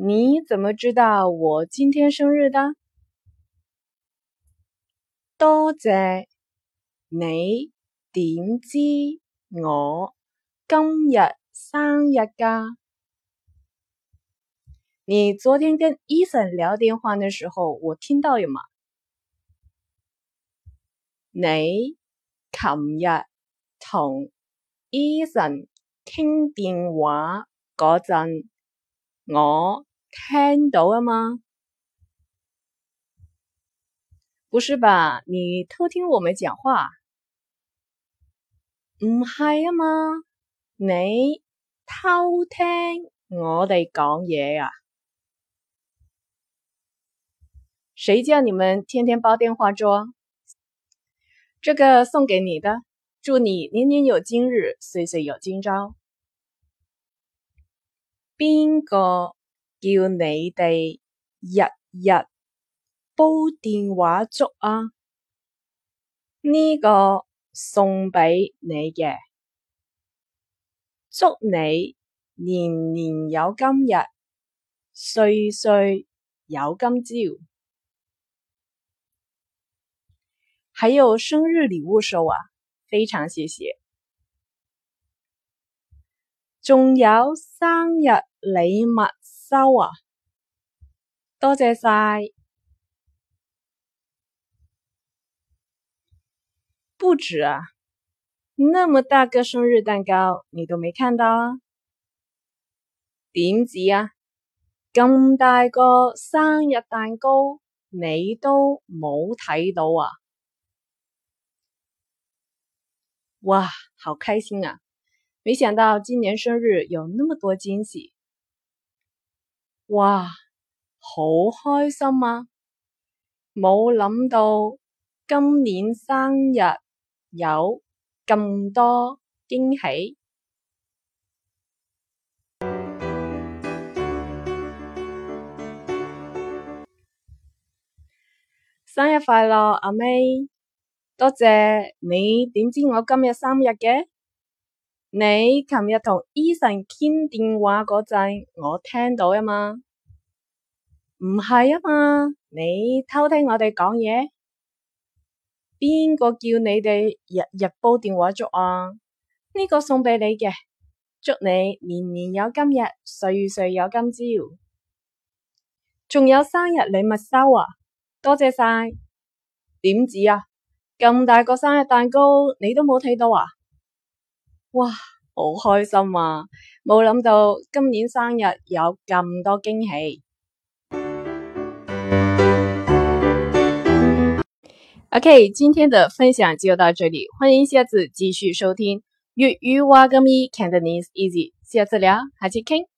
你怎麼知道我今天生日的？多謝！你點知我今日生日嘎？啊？你昨天跟 Eason 聊電話的時候，我聽到丫嘛？你琴日同 Eason 傾電話嗰陣、e，我。聽到嗎？不是吧，你偷聽我們講話？唔係啊嘛，你偷聽我哋講嘢啊？誰叫你們天天煲電話粥？這個送給你的，祝你年年有今日，歲歲有今朝。邊個？叫你哋日日煲電話粥啊！呢個送俾你嘅，祝你年年有今日，歲歲有今朝。還有生日禮物收啊！非常謝謝，仲有生日禮物。收啊！多謝晒！不止啊！那麼大個生日蛋糕，你都沒看到啊？點止啊？咁大個生日蛋糕，你都冇睇到啊？哇，好開心啊！沒想到今年生日有那麼多驚喜。哇，好開心啊！冇諗到今年生日有咁多驚喜。生日快樂，阿 May！多謝！你點知我今日生日嘅？你琴日同 Eason 傾電話嗰陣，我聽到啊嘛。唔係啊嘛，你偷聽我哋講嘢？邊個叫你哋日日煲電話粥啊？呢個送畀你嘅，祝你年年有今日，歲歲有今朝。仲有生日禮物收啊，多謝晒。點止啊？咁大個生日蛋糕，你都冇睇到啊？哇，好開心啊！冇諗到今年生日有咁多驚喜。OK，今天的分享就到這裏，歡迎下次繼續收聽。You y u wagami Cantonese easy，下次，下次聊，下次傾。